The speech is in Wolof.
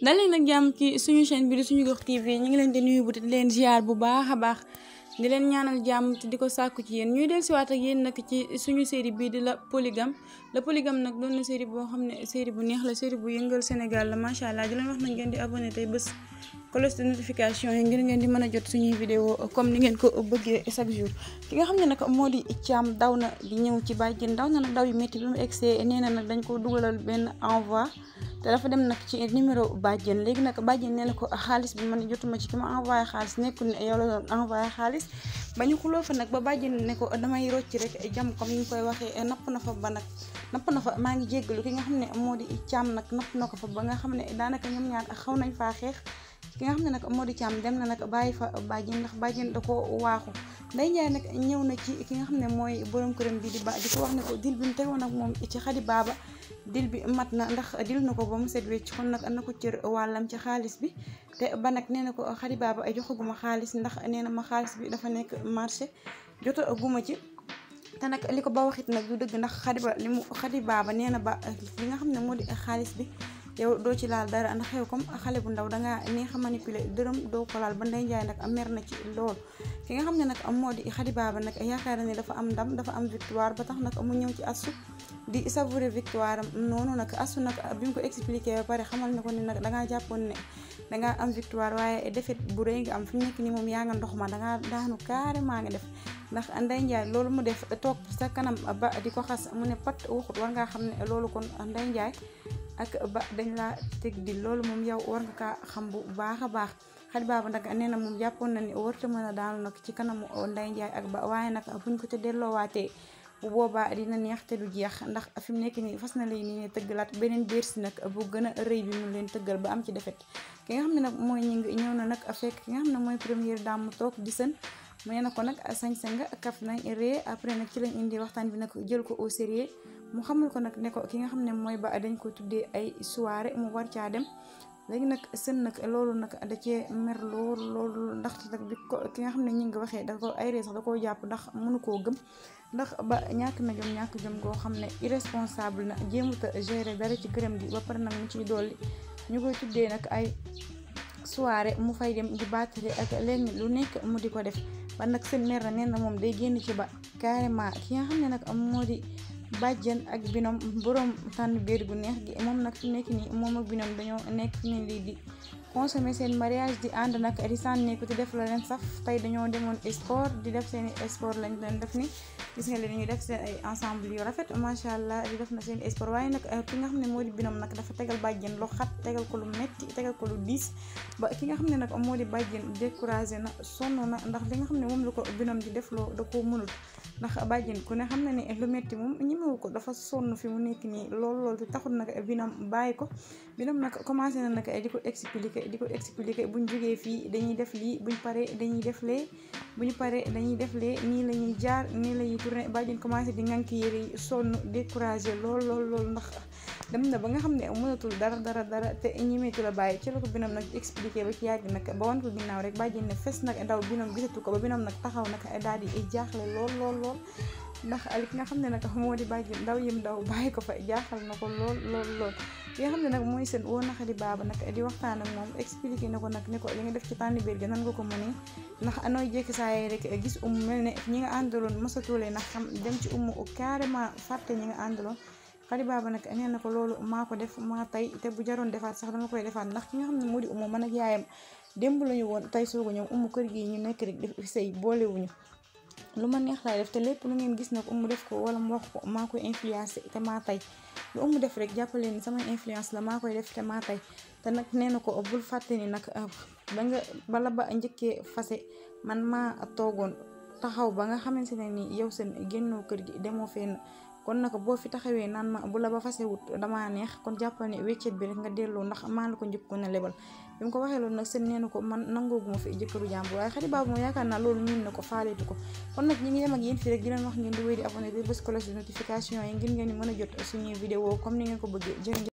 dal leen ak jàmm ci suñu chaîne bi di suñu gox TV ñu ngi leen di nuyu bu te di leen ziar bu baax a baax di leen ñaanal jàmm te di ko sàkku ci yéen ñuy del siwaat ak yéen nag ci suñu série bii di la polygame la polygame nag doon na boo xam ne série bu neex la série bu yëngal Sénégal la macha allah di leen wax nag ngeen di abonné tey bés cloche de notification yi ngir ngeen di mën a jot suñuy vidéo comme ni ngeen ko bëggee chaque jour ki nga xam ne nag moo di Thiam daw na di ñëw ci bàjjen daw na nag daw yu métti bi mu egsee nee na nag dañ ko dugalal benn envoi te dafa dem nag ci numéro bàjjen léegi nag bàjjen nee na ko ah, xaalis bi man jotuma ci ki ma envoyé xaalis nekkul envoyé xaalis ba ñu xuloo fa nag ba bàjjen ne ko damay rocc rek jam comme ni ñu koy waxee napp na fa ba nag napp na fa maa ngi jéggalu ki nga xam ne moo di càmm nag napp na ko fa ba nga xam ne daanaka ñoom ñaar xaw nañ faa xeex ki nga xam ne nag moo di Thiam dem na nag bàyyi fa bàjji ndax bàjjen da ko waaxu Ndeye Ndiaye nag ñëw na ci ki nga xam ne mooy borom këram bi di ba di ko wax ne ko moom ci xadi baaba dil bi mat na ndax dil na ko ba mu set wecc kon nag na ko cër wàllam ci xaalis bi te ba nag nee na ko xadi baaba a joxaguma xaalis ndax nee na ma xaalis bi dafa nekk marché jota guma ci te nag li ko ba waxit nag du dëgg ndax xadi ba li mu xadi baaba nee na ba li nga xam ne moo di xaalis bi yow doo ci laal dara ndax yow comme xale bu ndaw dangaa neex a manipuler dërëm doo ko laal ba Ndeye Ndiaye nag mer na ci lool ki nga xam ne nag moo di Khady Baba nag yaakaar ne dafa am ndam dafa am victoire ba tax nag mu ñëw ci asu di savourer victoire am noonu nag asu nag bi mu ko expliqué ba pare xamal na ko ne nag dangaa jàppoon ne dangaa am victoire waaye défaite bu rëy nga am fi nekk nii moom yaa nga ndox ma dangaa daanu carrément nga def ndax Ndeye Ndiaye loolu mu def toog sa kanam ba di ko xas mu ne pat waxut war ngaa xam ne loolu kon Ndeye Ndiaye ak ba dañ laa teg di loolu moom yow war nga kaa xam bu baax a baax xaj baaba nag nee na moom jàppoon na ni warta mën a daanu nag ci kanamu Ndeye ak ba waaye nag buñ ko ca delloowaatee bu boobaa dina neex te du jeex ndax fi mu nekk nii fas na lay nii ne beneen biir nag bu gën a rëy bi mu leen tëggal ba am ci defet ki nga xam ne nag mooy ñëw na nag fekk ki nga xam ne mooy première dame mu toog di sën mu ne na ko nag sañ-sañ nga kaf nañ ree après nag ci lañ indi waxtaan bi nag jël ko au sérieux mu xamal ko nag ne ko ki nga xam ne mooy ba dañ ko tuddee ay soirée mu war caa dem léegi nag sën nag loolu nag da cee mer lool loolu ndax nag bi ko ki nga xam ne ñi nga waxee da ko ay da koo jàpp ndax mënu koo gëm ndax ba ñàkk na jom ñàkk jom goo xam ne irresponsable na jéemut a gérer dara ci këram gi ba pare nag mu ciy dolli ñu koy tuddee nag ay soirée mu fay dem di baatale ak lenn lu nekk mu di ko def ban nag seen mère nee na moom day génn ci ba carrément ki nga xam ne nag moo di bàjjen ak binom borom tànn biir gu neex gi moom nag fi nekk nii moom ak binom dañoo nekk nii lii di consommer seen mariage di ànd nag di sànneeku te def la leen saf tey dañoo demoon sport di def seen i sport lañ doon def ni gis nga leen ñu def seen ay ensemble yu rafet macha allah di def na seen eh, di binom nag dafa tegal bàjjen lu xat tegal ko lu na sonn na ndax li nga xam ne moom la ko binom di def loo da koo mënul ndax bàjjen ku ne xam na ne lu metti moom ñemewu ko dafa sonn fi mu nekk nii lool lool te taxul nag binom bàyyi ko binom nag commencé na nag eh, di ko expliquer di ko expliquer buñ jógee fii dañuy def lii buñ paree dañuy def lee buñu paree dañuy def lee nii la ñuy jaar nii la tourné bàjjen commencé di ngank yére yi sonn découragé lool lool lool ndax dem ba nga xam ne mënatul dara dara dara te ñimeetu la bàyyi ci la binoom nag expliqué ba ci yàgg nag ba wan ko ginnaaw rek bàjjen ne fes nag ndaw binoom gisatu ko ba binoom nag taxaw nag daal di jaaxle lool lool lool ndax li nga xam ne nag moo di bàyyi ndaw yim ndaw bàyyi ko fa jaaxal na ko lool lool lool li nga nag mooy seen woo naxari baaba nag di waxtaan ak moom expliqué na ko nag ni ko li nga def ci tànn biir gi nan nga ko mënee ndax anooy jékki saa yi rek gis um mel ne ñi nga àndaloon masatule ndax xam dem ci umu carrément fàtte ñi nga àndaloon xari baaba nag nee na ko loolu maa ko def maa tey te bu jaroon defaat sax dama koy defaat ndax ci nga xam ne moo di umu man ak yaayam démb la ñu woon tey soogu ñëw umu kër gi ñu nekk rek def sëy boolewuñu lu ma neex laay def te lépp lu ngeen gis nag umu def ko wala mu wax ko maa koy influencé te maa tay lu umu def rek jàppaleen ni sama influence la maa koy def te maa tay te nag nee na ko bul fàtte nag ah, ba nga bala ba njëkkee fase man maa toogoon taxaw ba nga xamante ne ni yow seen génnoo kër gi demoo fenn kon nag boo fi taxawee naan ma bu la ba fase wut damaa neex kon jàppal ne weccet bi rek nga delloo ndax maa ko njëkk ko lebal bi ko waxee loolu nag nee na ko man nangoogu ma fi jëkkëru jàmbur waaye xarit baabu moom naa loolu miin na ko faaleetu ko kon nag ñi ngi dem ak yéen fii rek di leen wax ngeen di wéy di abonné di bës cloche de notification yi ngir ngeen di mën a jot suñuy vidéo comme ni ngeen ko bëggee jërëjëf